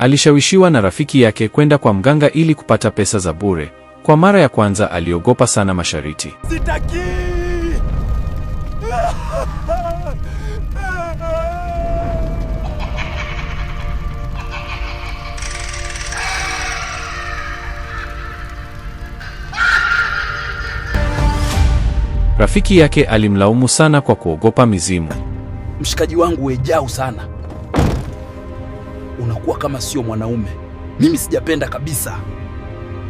Alishawishiwa na rafiki yake kwenda kwa mganga ili kupata pesa za bure. Kwa mara ya kwanza aliogopa sana mashariti. Sitaki! Rafiki yake alimlaumu sana kwa kuogopa mizimu. Mshikaji wangu wejau sana unakuwa kama sio mwanaume. Mimi sijapenda kabisa.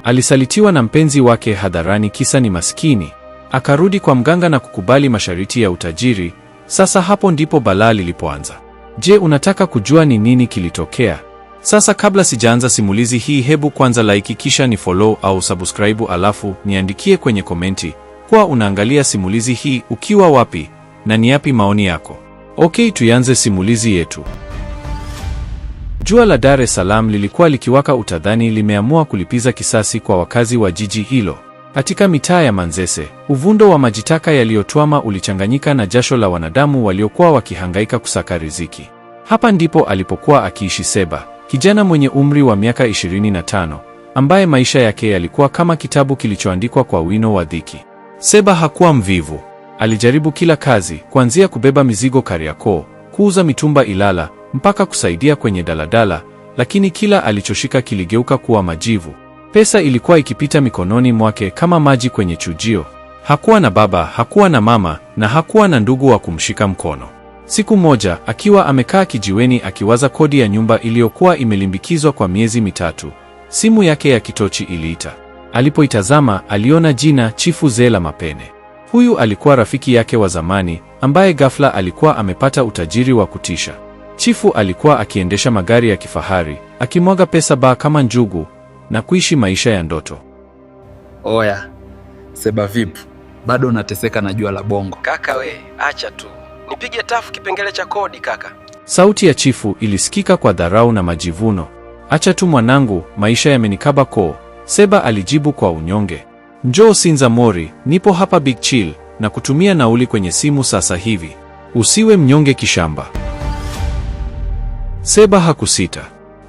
Alisalitiwa na mpenzi wake hadharani, kisa ni maskini. Akarudi kwa mganga na kukubali masharti ya utajiri. Sasa hapo ndipo balaa lilipoanza. Je, unataka kujua ni nini kilitokea? Sasa kabla sijaanza simulizi hii, hebu kwanza like, kisha ni follow au subscribe, alafu niandikie kwenye komenti kwa unaangalia simulizi hii ukiwa wapi na ni yapi maoni yako. Okay, tuanze simulizi yetu. Jua la Dar es Salaam lilikuwa likiwaka, utadhani limeamua kulipiza kisasi kwa wakazi wa jiji hilo. Katika mitaa ya Manzese, uvundo wa majitaka yaliyotwama ulichanganyika na jasho la wanadamu waliokuwa wakihangaika kusaka riziki. Hapa ndipo alipokuwa akiishi Seba, kijana mwenye umri wa miaka 25, ambaye maisha yake yalikuwa kama kitabu kilichoandikwa kwa wino wa dhiki. Seba hakuwa mvivu. Alijaribu kila kazi, kuanzia kubeba mizigo Kariakoo, kuuza mitumba Ilala, mpaka kusaidia kwenye daladala, lakini kila alichoshika kiligeuka kuwa majivu. Pesa ilikuwa ikipita mikononi mwake kama maji kwenye chujio. Hakuwa na baba, hakuwa na mama, na hakuwa na ndugu wa kumshika mkono. Siku moja akiwa amekaa kijiweni akiwaza kodi ya nyumba iliyokuwa imelimbikizwa kwa miezi mitatu, simu yake ya kitochi iliita. Alipoitazama aliona jina Chifu Zela Mapene. Huyu alikuwa rafiki yake wa zamani ambaye ghafla alikuwa amepata utajiri wa kutisha. Chifu alikuwa akiendesha magari ya kifahari, akimwaga pesa baa kama njugu na kuishi maisha ya ndoto. Oya Seba, vipi? Bado unateseka na jua la bongo? Kaka we, acha tu nipige tafu kipengele cha kodi kaka. Sauti ya chifu ilisikika kwa dharau na majivuno. Acha tu mwanangu, maisha yamenikaba koo, Seba alijibu kwa unyonge. Njoo Sinza Mori, nipo hapa Big Chill na kutumia nauli kwenye simu sasa hivi. Usiwe mnyonge kishamba. Seba hakusita.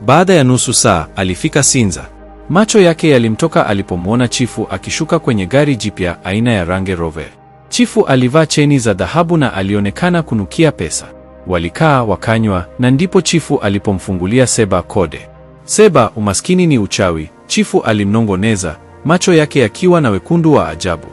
Baada ya nusu saa alifika Sinza. Macho yake yalimtoka alipomwona chifu akishuka kwenye gari jipya aina ya Range Rover. Chifu alivaa cheni za dhahabu na alionekana kunukia pesa. Walikaa wakanywa, na ndipo chifu alipomfungulia Seba kode. Seba, umaskini ni uchawi, chifu alimnongoneza, macho yake yakiwa na wekundu wa ajabu.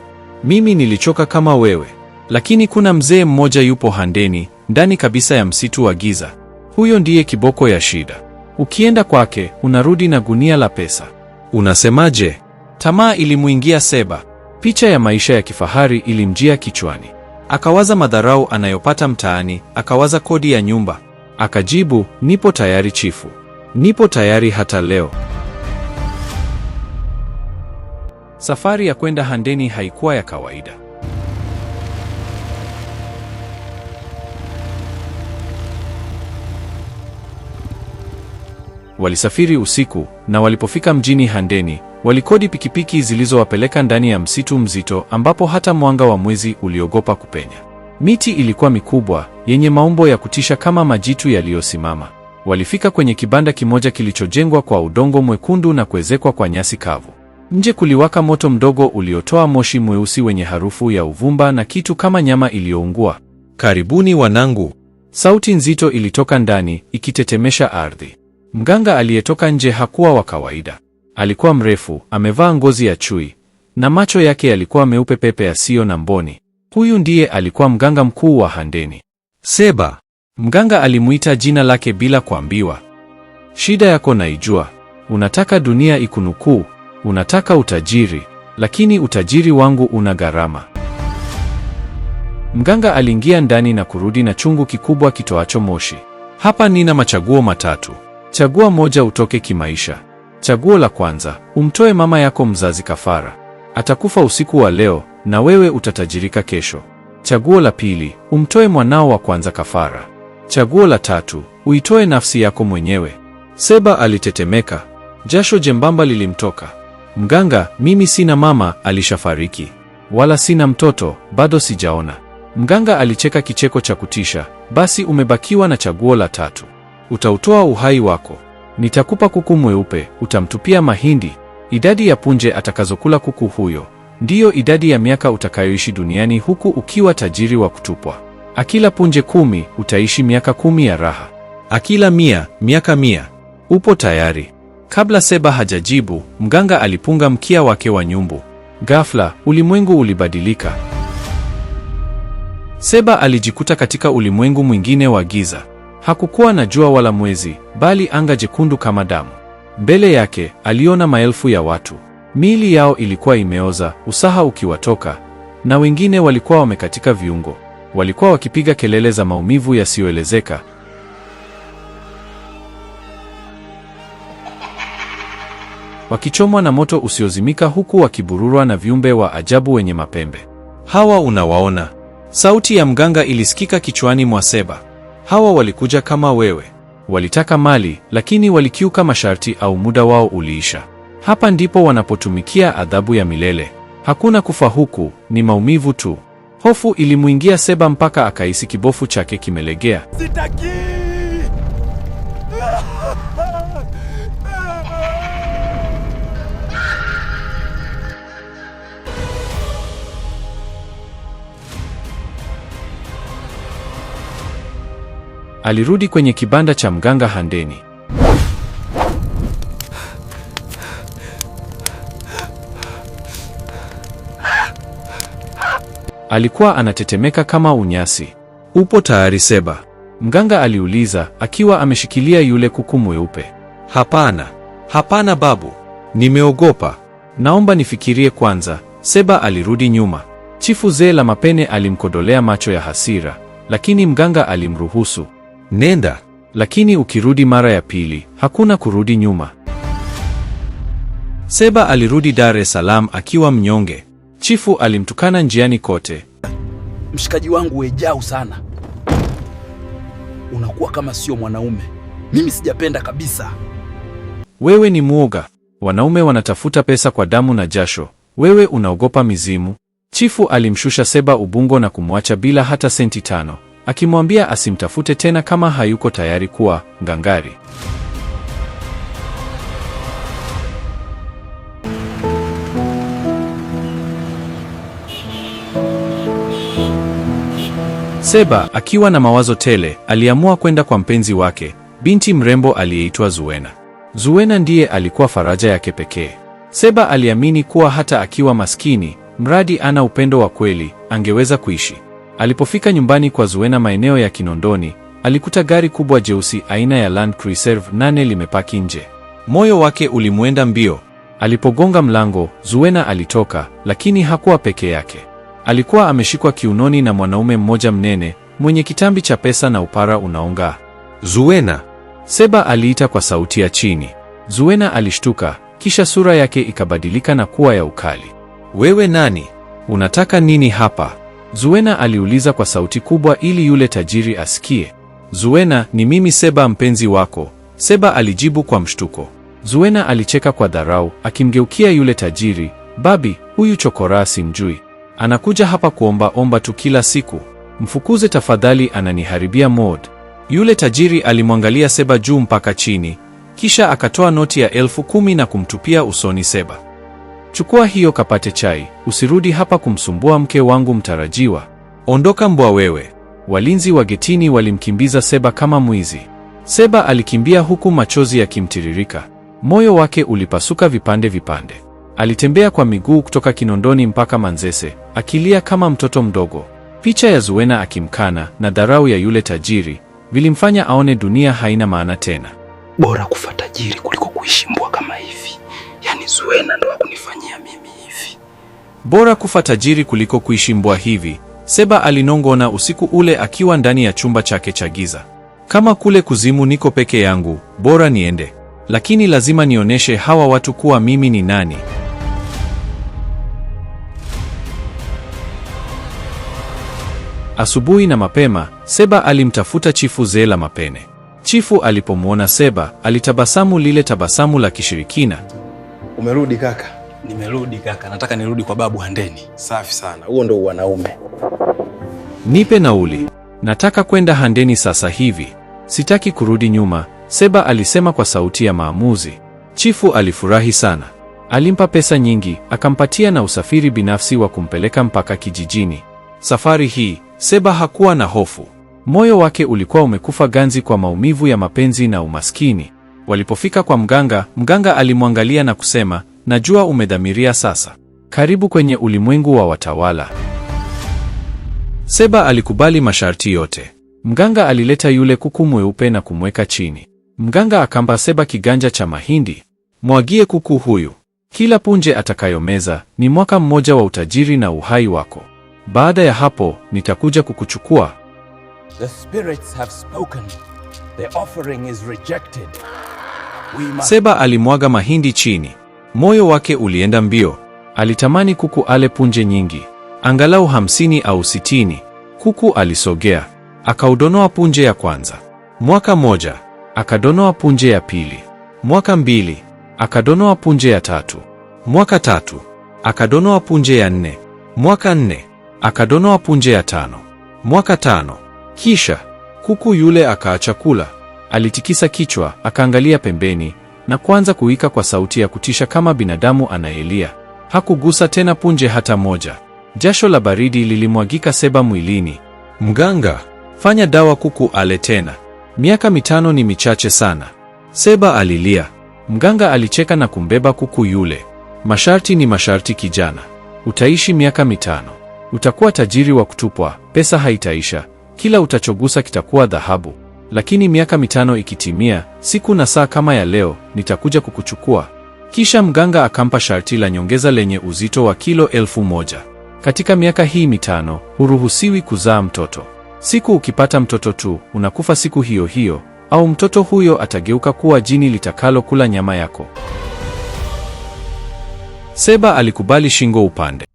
Mimi nilichoka kama wewe, lakini kuna mzee mmoja yupo Handeni, ndani kabisa ya msitu wa giza. Huyo ndiye kiboko ya shida. Ukienda kwake unarudi na gunia la pesa. Unasemaje? Tamaa ilimwingia Seba. Picha ya maisha ya kifahari ilimjia kichwani. Akawaza madharau anayopata mtaani, akawaza kodi ya nyumba. Akajibu, nipo tayari chifu, nipo tayari hata leo. Safari ya kwenda Handeni haikuwa ya kawaida. walisafiri usiku na walipofika mjini Handeni, walikodi pikipiki zilizowapeleka ndani ya msitu mzito ambapo hata mwanga wa mwezi uliogopa kupenya. Miti ilikuwa mikubwa yenye maumbo ya kutisha kama majitu yaliyosimama. Walifika kwenye kibanda kimoja kilichojengwa kwa udongo mwekundu na kuezekwa kwa nyasi kavu. Nje kuliwaka moto mdogo uliotoa moshi mweusi wenye harufu ya uvumba na kitu kama nyama iliyoungua. Karibuni wanangu, sauti nzito ilitoka ndani ikitetemesha ardhi. Mganga aliyetoka nje hakuwa wa kawaida. Alikuwa mrefu, amevaa ngozi ya chui na macho yake yalikuwa meupe pepe yasiyo na mboni. Huyu ndiye alikuwa mganga mkuu wa Handeni. Seba, mganga alimuita jina lake bila kuambiwa. Shida yako naijua, unataka dunia ikunukuu, unataka utajiri, lakini utajiri wangu una gharama. Mganga aliingia ndani na kurudi na chungu kikubwa kitoacho moshi. Hapa nina machaguo matatu. Chagua moja utoke kimaisha. Chaguo la kwanza, umtoe mama yako mzazi kafara. Atakufa usiku wa leo na wewe utatajirika kesho. Chaguo la pili, umtoe mwanao wa kwanza kafara. Chaguo la tatu, uitoe nafsi yako mwenyewe. Seba alitetemeka, jasho jembamba lilimtoka. Mganga, mimi sina mama, alishafariki, wala sina mtoto, bado sijaona. Mganga alicheka kicheko cha kutisha. Basi umebakiwa na chaguo la tatu utautoa uhai wako. Nitakupa kuku mweupe, utamtupia mahindi. Idadi ya punje atakazokula kuku huyo ndiyo idadi ya miaka utakayoishi duniani huku ukiwa tajiri wa kutupwa. Akila punje kumi, utaishi miaka kumi ya raha. Akila mia, miaka mia. Upo tayari? Kabla Seba hajajibu, mganga alipunga mkia wake wa nyumbu. Ghafla ulimwengu ulibadilika. Seba alijikuta katika ulimwengu mwingine wa giza. Hakukuwa na jua wala mwezi, bali anga jekundu kama damu. Mbele yake aliona maelfu ya watu, miili yao ilikuwa imeoza, usaha ukiwatoka, na wengine walikuwa wamekatika viungo. Walikuwa wakipiga kelele za maumivu yasiyoelezeka. Wakichomwa na moto usiozimika huku wakibururwa na viumbe wa ajabu wenye mapembe. Hawa unawaona? Sauti ya mganga ilisikika kichwani mwa Seba. Hawa walikuja kama wewe, walitaka mali lakini walikiuka masharti au muda wao uliisha. Hapa ndipo wanapotumikia adhabu ya milele. Hakuna kufa huku, ni maumivu tu. Hofu ilimwingia Seba mpaka akahisi kibofu chake kimelegea. Sitaki! Alirudi kwenye kibanda cha mganga Handeni. Alikuwa anatetemeka kama unyasi. Upo tayari Seba? Mganga aliuliza akiwa ameshikilia yule kuku mweupe. Hapana, hapana babu, nimeogopa. Naomba nifikirie kwanza. Seba alirudi nyuma. Chifu Zee la Mapene alimkodolea macho ya hasira, lakini mganga alimruhusu nenda, lakini ukirudi mara ya pili hakuna kurudi nyuma. Seba alirudi Dar es Salaam akiwa mnyonge. Chifu alimtukana njiani kote. Mshikaji wangu wejau sana, unakuwa kama sio mwanaume. Mimi sijapenda kabisa. Wewe ni mwoga. Wanaume wanatafuta pesa kwa damu na jasho, wewe unaogopa mizimu. Chifu alimshusha Seba Ubungo na kumwacha bila hata senti tano akimwambia asimtafute tena kama hayuko tayari kuwa ngangari. Seba akiwa na mawazo tele, aliamua kwenda kwa mpenzi wake, binti mrembo aliyeitwa Zuena. Zuena ndiye alikuwa faraja yake pekee. Seba aliamini kuwa hata akiwa maskini, mradi ana upendo wa kweli, angeweza kuishi. Alipofika nyumbani kwa Zuena maeneo ya Kinondoni, alikuta gari kubwa jeusi aina ya Land Cruiser nane limepaki nje. Moyo wake ulimwenda mbio. Alipogonga mlango, Zuena alitoka, lakini hakuwa peke yake. Alikuwa ameshikwa kiunoni na mwanaume mmoja mnene mwenye kitambi cha pesa na upara unaong'aa. Zuena, Seba aliita kwa sauti ya chini. Zuena alishtuka, kisha sura yake ikabadilika na kuwa ya ukali. Wewe nani? Unataka nini hapa? Zuena aliuliza kwa sauti kubwa ili yule tajiri asikie. Zuena, ni mimi Seba mpenzi wako. Seba alijibu kwa mshtuko. Zuena alicheka kwa dharau, akimgeukia yule tajiri, babi, huyu chokoraa simjui. Anakuja hapa kuomba omba tu kila siku. Mfukuze tafadhali, ananiharibia mod. Yule tajiri alimwangalia Seba juu mpaka chini, kisha akatoa noti ya elfu kumi na kumtupia usoni Seba. Chukua hiyo kapate chai, usirudi hapa kumsumbua mke wangu mtarajiwa. Ondoka mbwa wewe! Walinzi wa getini walimkimbiza Seba kama mwizi. Seba alikimbia huku machozi yakimtiririka, moyo wake ulipasuka vipande vipande. Alitembea kwa miguu kutoka Kinondoni mpaka Manzese akilia kama mtoto mdogo. Picha ya Zuena akimkana na dharau ya yule tajiri vilimfanya aone dunia haina maana tena. Bora kufa tajiri kuliko kuishi mbwa kama hivi. Yani Zuena ndo wakunifanyia mimi hivi. Bora kufa tajiri kuliko kuishi mbwa hivi, Seba alinong'ona usiku ule akiwa ndani ya chumba chake cha giza. Kama kule kuzimu niko peke yangu, bora niende, lakini lazima nionyeshe hawa watu kuwa mimi ni nani. Asubuhi na mapema, Seba alimtafuta Chifu Zela Mapene. Chifu alipomwona Seba, alitabasamu lile tabasamu la kishirikina. Umerudi kaka? Nimerudi kaka, nataka nirudi kwa babu Handeni. Safi sana, huo ndo wanaume. Nipe nauli, nataka kwenda Handeni sasa hivi, sitaki kurudi nyuma, Seba alisema kwa sauti ya maamuzi. Chifu alifurahi sana, alimpa pesa nyingi, akampatia na usafiri binafsi wa kumpeleka mpaka kijijini. Safari hii Seba hakuwa na hofu, moyo wake ulikuwa umekufa ganzi kwa maumivu ya mapenzi na umaskini. Walipofika kwa mganga, mganga alimwangalia na kusema, najua umedhamiria sasa. Karibu kwenye ulimwengu wa watawala. Seba alikubali masharti yote. Mganga alileta yule kuku mweupe na kumweka chini. Mganga akampa Seba kiganja cha mahindi. Mwagie kuku huyu, kila punje atakayomeza ni mwaka mmoja wa utajiri na uhai wako. Baada ya hapo nitakuja kukuchukua. The spirits have spoken. The offering is rejected. Seba alimwaga mahindi chini, moyo wake ulienda mbio. Alitamani kuku ale punje nyingi, angalau hamsini au sitini. Kuku alisogea akaudonoa punje ya kwanza, mwaka moja akadonoa punje ya pili, mwaka mbili akadonoa punje ya tatu, mwaka tatu akadonoa punje ya nne, mwaka nne akadonoa punje ya tano, mwaka tano. Kisha kuku yule akaacha kula. Alitikisa kichwa, akaangalia pembeni na kuanza kuwika kwa sauti ya kutisha kama binadamu anayelia. Hakugusa tena punje hata moja. Jasho la baridi lilimwagika Seba mwilini. Mganga, fanya dawa kuku ale tena. Miaka mitano ni michache sana, Seba alilia. Mganga alicheka na kumbeba kuku yule. Masharti ni masharti, kijana. Utaishi miaka mitano, utakuwa tajiri wa kutupwa, pesa haitaisha, kila utachogusa kitakuwa dhahabu lakini miaka mitano ikitimia, siku na saa kama ya leo, nitakuja kukuchukua. Kisha mganga akampa sharti la nyongeza lenye uzito wa kilo elfu moja. Katika miaka hii mitano huruhusiwi kuzaa mtoto. Siku ukipata mtoto tu unakufa siku hiyo hiyo, au mtoto huyo atageuka kuwa jini litakalo kula nyama yako. Seba alikubali shingo upande.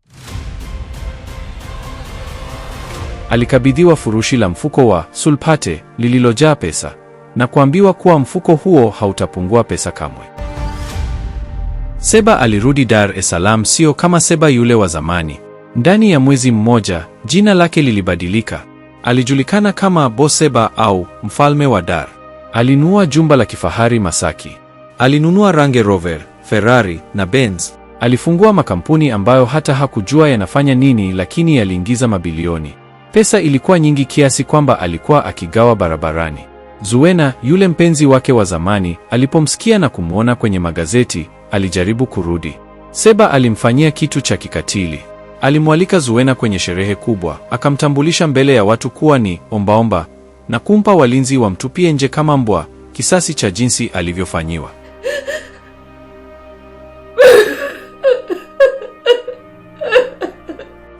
alikabidhiwa furushi la mfuko wa sulpate lililojaa pesa na kuambiwa kuwa mfuko huo hautapungua pesa kamwe. Seba alirudi Dar es Salaam, sio kama Seba yule wa zamani. Ndani ya mwezi mmoja jina lake lilibadilika. Alijulikana kama Boseba au mfalme wa Dar. Alinunua jumba la kifahari Masaki, alinunua Range Rover, Ferrari na Benz. Alifungua makampuni ambayo hata hakujua yanafanya nini, lakini yaliingiza mabilioni. Pesa ilikuwa nyingi kiasi kwamba alikuwa akigawa barabarani. zuena yule mpenzi wake wa zamani, alipomsikia na kumwona kwenye magazeti, alijaribu kurudi. Seba alimfanyia kitu cha kikatili. Alimwalika zuena kwenye sherehe kubwa, akamtambulisha mbele ya watu kuwa ni ombaomba na kumpa walinzi wamtupie nje kama mbwa, kisasi cha jinsi alivyofanyiwa.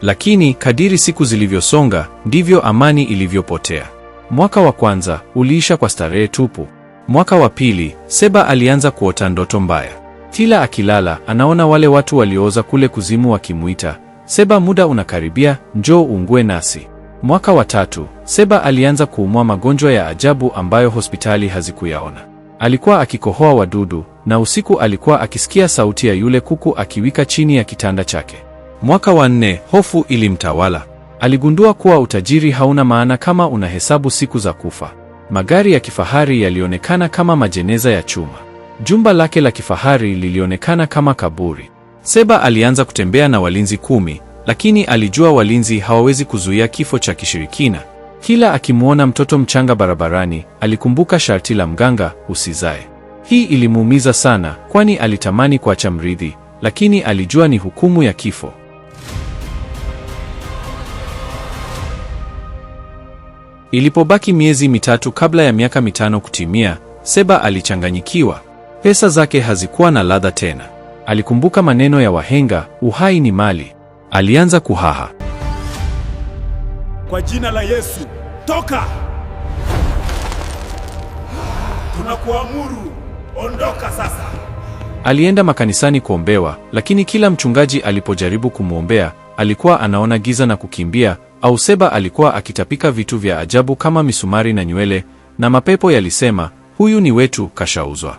Lakini kadiri siku zilivyosonga ndivyo amani ilivyopotea. Mwaka wa kwanza uliisha kwa starehe tupu. Mwaka wa pili, Seba alianza kuota ndoto mbaya. Kila akilala anaona wale watu waliooza kule kuzimu wakimuita, Seba, muda unakaribia, njoo ungue nasi. Mwaka wa tatu, Seba alianza kuumwa magonjwa ya ajabu ambayo hospitali hazikuyaona. Alikuwa akikohoa wadudu na usiku alikuwa akisikia sauti ya yule kuku akiwika chini ya kitanda chake. Mwaka wa nne, hofu ilimtawala. Aligundua kuwa utajiri hauna maana kama unahesabu siku za kufa. Magari ya kifahari yalionekana kama majeneza ya chuma. Jumba lake la kifahari lilionekana kama kaburi. Seba alianza kutembea na walinzi kumi, lakini alijua walinzi hawawezi kuzuia kifo cha kishirikina. Kila akimwona mtoto mchanga barabarani, alikumbuka sharti la mganga, usizae. Hii ilimuumiza sana, kwani alitamani kuacha mrithi, lakini alijua ni hukumu ya kifo. Ilipobaki miezi mitatu kabla ya miaka mitano kutimia, Seba alichanganyikiwa. Pesa zake hazikuwa na ladha tena. Alikumbuka maneno ya wahenga, uhai ni mali. Alianza kuhaha. Kwa jina la Yesu, toka! Tunakuamuru, ondoka sasa. Alienda makanisani kuombewa, lakini kila mchungaji alipojaribu kumwombea, alikuwa anaona giza na kukimbia Auseba alikuwa akitapika vitu vya ajabu kama misumari na nywele, na mapepo yalisema, huyu ni wetu, kashauzwa.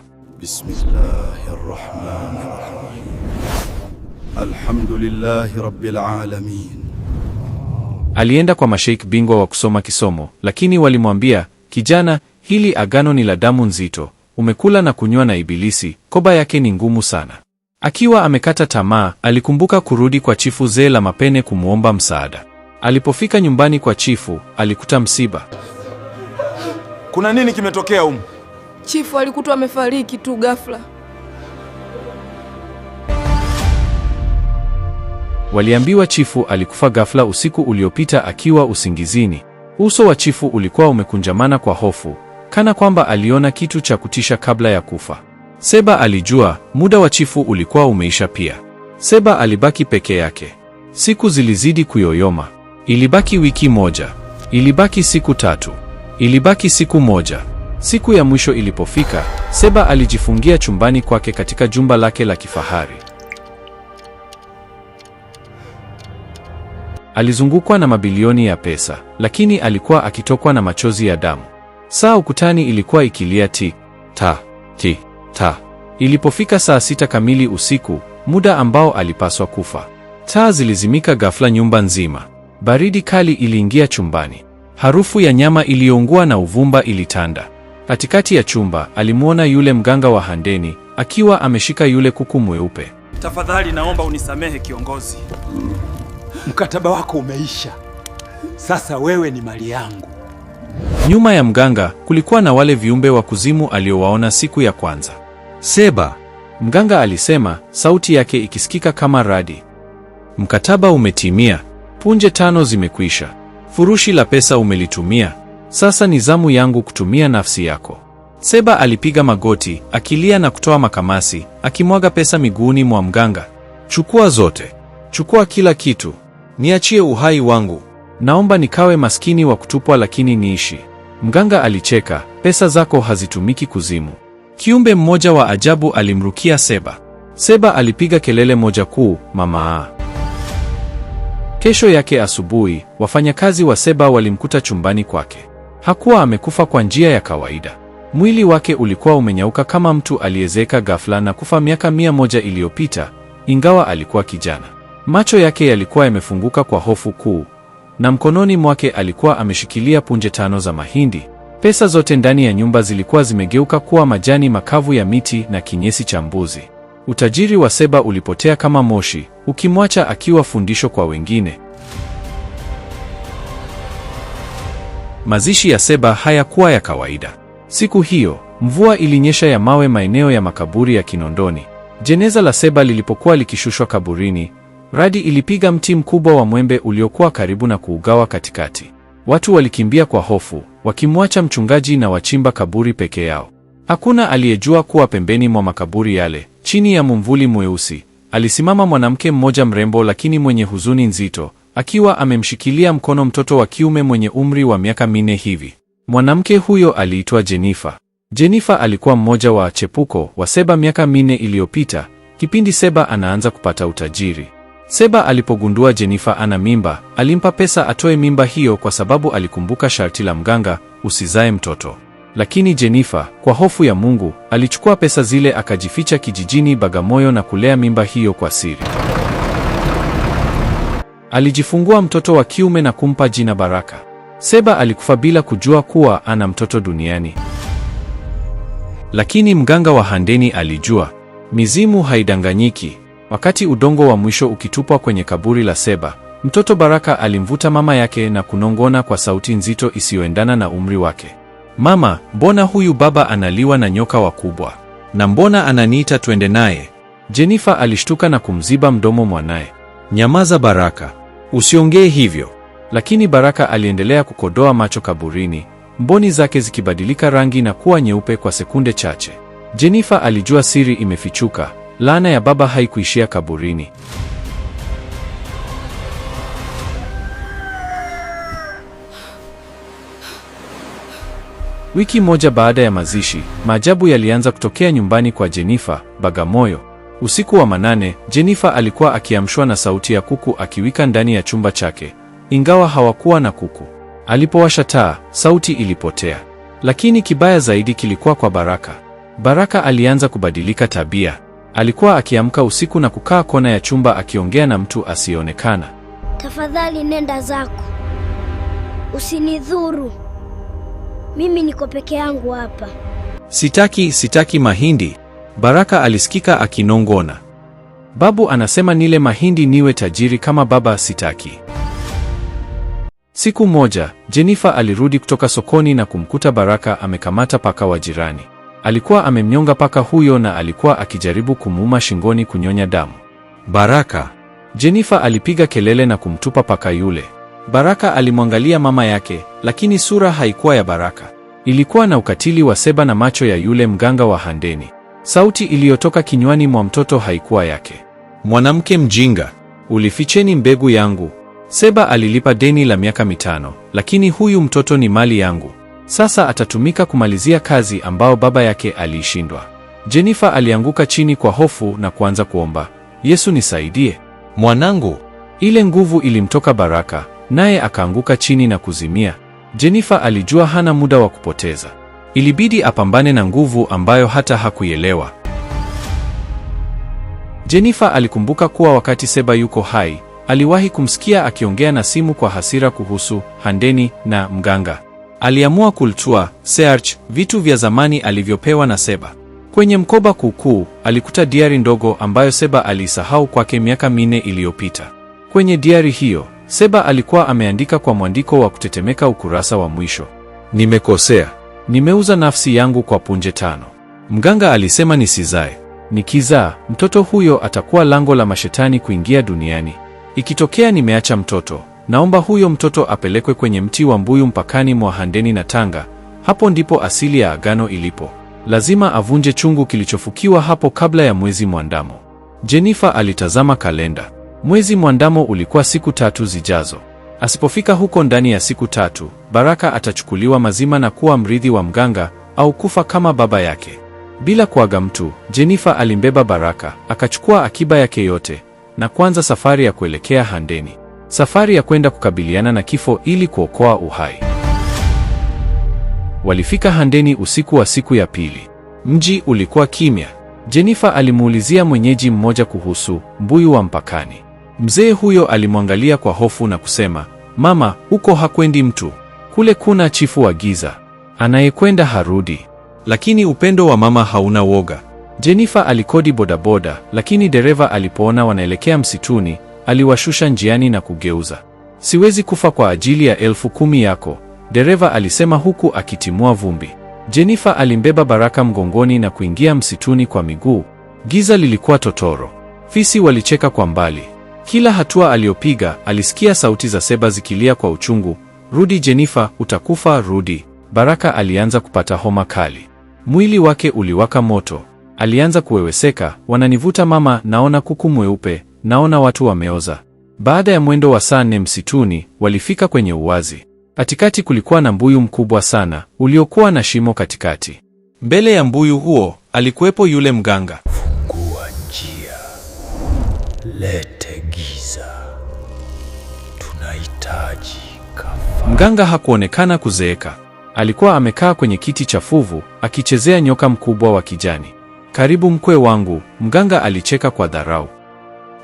Alienda kwa masheikh bingwa wa kusoma kisomo, lakini walimwambia, kijana, hili agano ni la damu nzito, umekula na kunywa na Ibilisi, koba yake ni ngumu sana. Akiwa amekata tamaa, alikumbuka kurudi kwa chifu zee la mapene kumwomba msaada. Alipofika nyumbani kwa chifu, alikuta msiba. Kuna nini kimetokea humu? Chifu alikutwa amefariki tu ghafla. Waliambiwa chifu alikufa ghafla usiku uliopita akiwa usingizini. Uso wa chifu ulikuwa umekunjamana kwa hofu, kana kwamba aliona kitu cha kutisha kabla ya kufa. Seba alijua muda wa chifu ulikuwa umeisha pia. Seba alibaki peke yake. Siku zilizidi kuyoyoma. Ilibaki wiki moja, ilibaki siku tatu, ilibaki siku moja. Siku ya mwisho ilipofika, Seba alijifungia chumbani kwake katika jumba lake la kifahari. Alizungukwa na mabilioni ya pesa, lakini alikuwa akitokwa na machozi ya damu. Saa ukutani ilikuwa ikilia ti ta ti ta. Ilipofika saa sita kamili usiku, muda ambao alipaswa kufa, taa zilizimika ghafla nyumba nzima. Baridi kali iliingia chumbani, harufu ya nyama iliyoungua na uvumba ilitanda. Katikati ya chumba alimwona yule mganga wa Handeni akiwa ameshika yule kuku mweupe. Tafadhali naomba unisamehe kiongozi, mkataba wako umeisha, sasa wewe ni mali yangu. Nyuma ya mganga kulikuwa na wale viumbe wa kuzimu aliowaona siku ya kwanza. Seba, mganga alisema, sauti yake ikisikika kama radi. Mkataba umetimia punje tano zimekwisha, furushi la pesa umelitumia. Sasa ni zamu yangu kutumia nafsi yako. Seba alipiga magoti akilia na kutoa makamasi, akimwaga pesa miguuni mwa mganga. Chukua zote, chukua kila kitu, niachie uhai wangu. Naomba nikawe maskini wa kutupwa, lakini niishi. Mganga alicheka, pesa zako hazitumiki kuzimu. Kiumbe mmoja wa ajabu alimrukia Seba. Seba alipiga kelele moja kuu, mamaa Kesho yake asubuhi, wafanyakazi wa Seba walimkuta chumbani kwake. Hakuwa amekufa kwa njia ya kawaida. Mwili wake ulikuwa umenyauka kama mtu aliyezeeka ghafla na kufa miaka mia moja iliyopita, ingawa alikuwa kijana. Macho yake yalikuwa yamefunguka kwa hofu kuu, na mkononi mwake alikuwa ameshikilia punje tano za mahindi. Pesa zote ndani ya nyumba zilikuwa zimegeuka kuwa majani makavu ya miti na kinyesi cha mbuzi. Utajiri wa Seba ulipotea kama moshi, ukimwacha akiwa fundisho kwa wengine. Mazishi ya Seba hayakuwa ya kawaida. Siku hiyo mvua ilinyesha ya mawe maeneo ya makaburi ya Kinondoni. Jeneza la Seba lilipokuwa likishushwa kaburini, radi ilipiga mti mkubwa wa mwembe uliokuwa karibu na kuugawa katikati. Watu walikimbia kwa hofu, wakimwacha mchungaji na wachimba kaburi peke yao. Hakuna aliyejua kuwa pembeni mwa makaburi yale, chini ya mumvuli mweusi, alisimama mwanamke mmoja mrembo lakini mwenye huzuni nzito, akiwa amemshikilia mkono mtoto wa kiume mwenye umri wa miaka minne hivi. Mwanamke huyo aliitwa Jenifa. Jenifa alikuwa mmoja wa chepuko wa Seba miaka minne iliyopita, kipindi Seba anaanza kupata utajiri. Seba alipogundua Jenifa ana mimba, alimpa pesa atoe mimba hiyo kwa sababu alikumbuka sharti la mganga, usizae mtoto. Lakini Jenifer, kwa hofu ya Mungu, alichukua pesa zile akajificha kijijini Bagamoyo na kulea mimba hiyo kwa siri. Alijifungua mtoto wa kiume na kumpa jina Baraka. Seba alikufa bila kujua kuwa ana mtoto duniani. Lakini mganga wa Handeni alijua. Mizimu haidanganyiki. Wakati udongo wa mwisho ukitupwa kwenye kaburi la Seba, mtoto Baraka alimvuta mama yake na kunong'ona kwa sauti nzito isiyoendana na umri wake. Mama, mbona huyu baba analiwa na nyoka wakubwa? Na mbona ananiita twende naye? Jenifa alishtuka na kumziba mdomo mwanaye. Nyamaza Baraka, usiongee hivyo. Lakini Baraka aliendelea kukodoa macho kaburini, mboni zake zikibadilika rangi na kuwa nyeupe kwa sekunde chache. Jenifa alijua siri imefichuka. Laana ya baba haikuishia kaburini. Wiki moja baada ya mazishi, maajabu yalianza kutokea nyumbani kwa Jennifer Bagamoyo. Usiku wa manane, Jennifer alikuwa akiamshwa na sauti ya kuku akiwika ndani ya chumba chake. Ingawa hawakuwa na kuku. Alipowasha taa, sauti ilipotea. Lakini kibaya zaidi kilikuwa kwa Baraka. Baraka alianza kubadilika tabia. Alikuwa akiamka usiku na kukaa kona ya chumba akiongea na mtu asiyeonekana. Tafadhali nenda zako. Usinidhuru. Mimi niko peke yangu hapa. Sitaki, sitaki mahindi, Baraka alisikika akinong'ona. Babu anasema nile mahindi niwe tajiri kama baba, sitaki. Siku moja Jenifa alirudi kutoka sokoni na kumkuta Baraka amekamata paka wa jirani. Alikuwa amemnyonga paka huyo na alikuwa akijaribu kumuuma shingoni kunyonya damu. Baraka! Jenifa alipiga kelele na kumtupa paka yule. Baraka alimwangalia mama yake, lakini sura haikuwa ya Baraka. Ilikuwa na ukatili wa seba na macho ya yule mganga wa Handeni. Sauti iliyotoka kinywani mwa mtoto haikuwa yake. Mwanamke mjinga, ulificheni mbegu yangu. Seba alilipa deni la miaka mitano, lakini huyu mtoto ni mali yangu. Sasa atatumika kumalizia kazi ambao baba yake aliishindwa. Jenifa alianguka chini kwa hofu na kuanza kuomba, Yesu nisaidie, mwanangu. Ile nguvu ilimtoka Baraka naye akaanguka chini na kuzimia. Jennifer alijua hana muda wa kupoteza, ilibidi apambane na nguvu ambayo hata hakuielewa. Jennifer alikumbuka kuwa wakati Seba yuko hai, aliwahi kumsikia akiongea na simu kwa hasira kuhusu Handeni na mganga. Aliamua kultua search vitu vya zamani alivyopewa na Seba. Kwenye mkoba kuukuu alikuta diari ndogo ambayo Seba aliisahau kwake miaka minne iliyopita. Kwenye diari hiyo Seba alikuwa ameandika kwa mwandiko wa kutetemeka ukurasa wa mwisho. Nimekosea. Nimeuza nafsi yangu kwa punje tano. Mganga alisema nisizae. Nikizaa, mtoto huyo atakuwa lango la mashetani kuingia duniani. Ikitokea nimeacha mtoto, naomba huyo mtoto apelekwe kwenye mti wa mbuyu mpakani mwa Handeni na Tanga. Hapo ndipo asili ya agano ilipo. Lazima avunje chungu kilichofukiwa hapo kabla ya mwezi mwandamo. Jenifa alitazama kalenda. Mwezi mwandamo ulikuwa siku tatu zijazo. Asipofika huko ndani ya siku tatu, Baraka atachukuliwa mazima na kuwa mrithi wa mganga au kufa kama baba yake. Bila kuaga mtu, Jenifa alimbeba Baraka, akachukua akiba yake yote na kuanza safari ya kuelekea Handeni. Safari ya kwenda kukabiliana na kifo ili kuokoa uhai. Walifika Handeni usiku wa siku ya pili. Mji ulikuwa kimya. Jenifa alimuulizia mwenyeji mmoja kuhusu mbuyu wa mpakani. Mzee huyo alimwangalia kwa hofu na kusema, mama, huko hakwendi mtu, kule kuna chifu wa giza, anayekwenda harudi. Lakini upendo wa mama hauna woga. Jenifa alikodi bodaboda, lakini dereva alipoona wanaelekea msituni aliwashusha njiani na kugeuza. Siwezi kufa kwa ajili ya elfu kumi yako, dereva alisema huku akitimua vumbi. Jenifa alimbeba Baraka mgongoni na kuingia msituni kwa miguu. Giza lilikuwa totoro, fisi walicheka kwa mbali. Kila hatua aliyopiga alisikia sauti za Seba zikilia kwa uchungu, rudi Jenifa, utakufa, rudi. Baraka alianza kupata homa kali, mwili wake uliwaka moto, alianza kuweweseka. Wananivuta mama, naona kuku mweupe, naona watu wameoza. Baada ya mwendo wa saa nne msituni walifika kwenye uwazi. Katikati kulikuwa na mbuyu mkubwa sana uliokuwa na shimo katikati. Mbele ya mbuyu huo alikuwepo yule mganga. Fungua njia. Let unahitaji kafara. Mganga hakuonekana kuzeeka. Alikuwa amekaa kwenye kiti cha fuvu akichezea nyoka mkubwa wa kijani. Karibu mkwe wangu, mganga alicheka kwa dharau.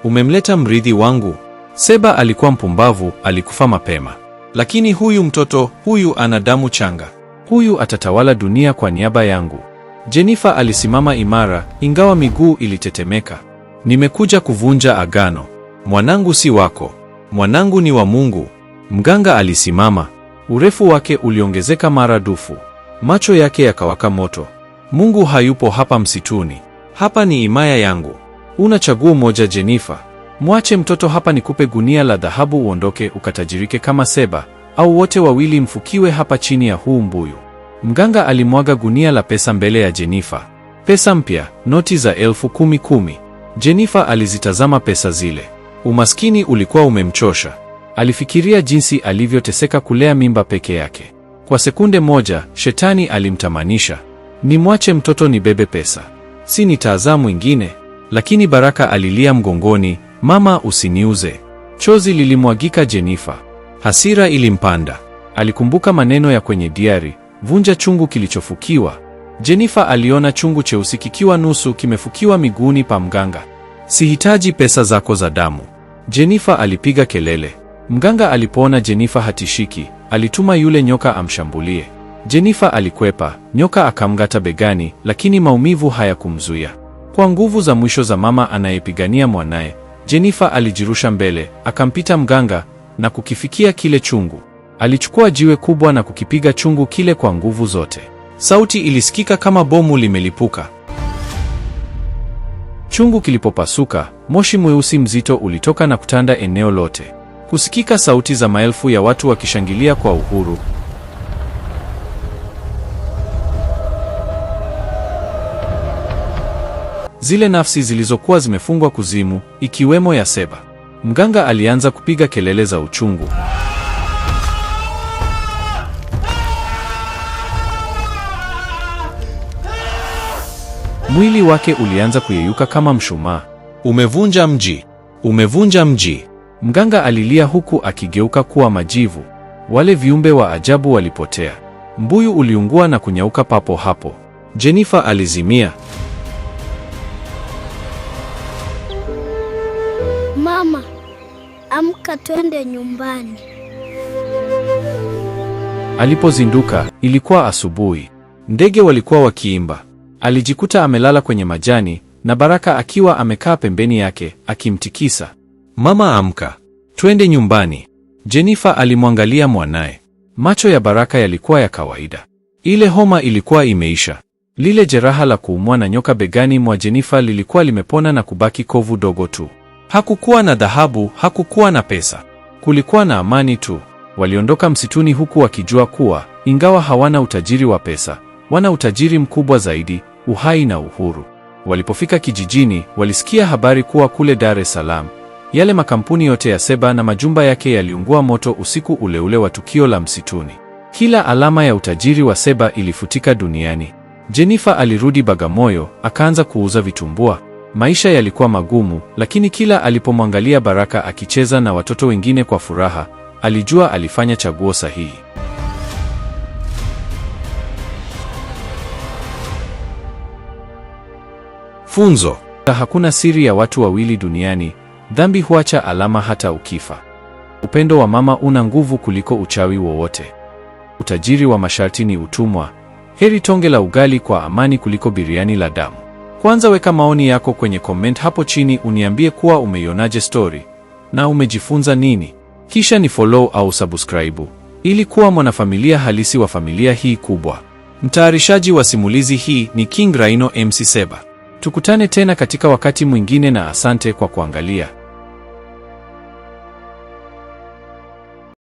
Umemleta mrithi wangu? Seba alikuwa mpumbavu, alikufa mapema. Lakini huyu mtoto, huyu ana damu changa. Huyu atatawala dunia kwa niaba yangu. Jenifa alisimama imara ingawa miguu ilitetemeka. Nimekuja kuvunja agano. Mwanangu si wako mwanangu ni wa Mungu. Mganga alisimama, urefu wake uliongezeka maradufu, macho yake yakawaka moto. Mungu hayupo hapa msituni, hapa ni himaya yangu. Una chaguo moja, Jenifa. Mwache mtoto hapa, nikupe gunia la dhahabu, uondoke ukatajirike kama Seba, au wote wawili mfukiwe hapa chini ya huu mbuyu. Mganga alimwaga gunia la pesa mbele ya Jenifa, pesa mpya, noti za elfu kumi kumi. Jenifa alizitazama pesa zile. Umaskini ulikuwa umemchosha. Alifikiria jinsi alivyoteseka kulea mimba peke yake. Kwa sekunde moja, shetani alimtamanisha, nimwache mtoto nibebe pesa, si nitazaa mwingine? Lakini Baraka alilia mgongoni, mama, usiniuze. Chozi lilimwagika Jenifa. Hasira ilimpanda. Alikumbuka maneno ya kwenye diari, vunja chungu kilichofukiwa. Jenifa aliona chungu cheusi kikiwa nusu kimefukiwa miguuni pa mganga. Sihitaji pesa zako za damu, Jenifa alipiga kelele. Mganga alipoona Jenifa hatishiki, alituma yule nyoka amshambulie. Jenifa alikwepa, nyoka akamgata begani, lakini maumivu hayakumzuia. Kwa nguvu za mwisho za mama anayepigania mwanaye, Jenifa alijirusha mbele, akampita mganga na kukifikia kile chungu. Alichukua jiwe kubwa na kukipiga chungu kile kwa nguvu zote. Sauti ilisikika kama bomu limelipuka. Chungu kilipopasuka, moshi mweusi mzito ulitoka na kutanda eneo lote. Kusikika sauti za maelfu ya watu wakishangilia kwa uhuru. Zile nafsi zilizokuwa zimefungwa kuzimu, ikiwemo ya Seba. Mganga alianza kupiga kelele za uchungu. Mwili wake ulianza kuyeyuka kama mshumaa. Umevunja mji, umevunja mji, mganga alilia huku akigeuka kuwa majivu. Wale viumbe wa ajabu walipotea. Mbuyu uliungua na kunyauka papo hapo. Jennifer alizimia. Mama, amka twende nyumbani. Alipozinduka, ilikuwa asubuhi. Ndege walikuwa wakiimba. Alijikuta amelala kwenye majani na Baraka akiwa amekaa pembeni yake akimtikisa. Mama, amka, twende nyumbani. Jenifa alimwangalia mwanaye. Macho ya Baraka yalikuwa ya kawaida. Ile homa ilikuwa imeisha. Lile jeraha la kuumwa na nyoka begani mwa Jenifa lilikuwa limepona na kubaki kovu dogo tu. Hakukuwa na dhahabu, hakukuwa na pesa, kulikuwa na amani tu. Waliondoka msituni huku wakijua kuwa ingawa hawana utajiri wa pesa, wana utajiri mkubwa zaidi uhai na uhuru. Walipofika kijijini, walisikia habari kuwa kule Dar es Salaam yale makampuni yote ya Seba na majumba yake yaliungua moto usiku ule ule wa tukio la msituni. Kila alama ya utajiri wa Seba ilifutika duniani. Jenifa alirudi Bagamoyo, akaanza kuuza vitumbua. Maisha yalikuwa magumu, lakini kila alipomwangalia Baraka akicheza na watoto wengine kwa furaha, alijua alifanya chaguo sahihi. Funzo: hakuna siri ya watu wawili duniani. Dhambi huacha alama hata ukifa. Upendo wa mama una nguvu kuliko uchawi wowote. Utajiri wa masharti ni utumwa. Heri tonge la ugali kwa amani kuliko biriani la damu. Kwanza weka maoni yako kwenye comment hapo chini, uniambie kuwa umeionaje story na umejifunza nini. Kisha ni follow au subscribe ili kuwa mwanafamilia halisi wa familia hii kubwa. Mtayarishaji wa simulizi hii ni King Rhino MC Seba. Tukutane tena katika wakati mwingine na asante kwa kuangalia.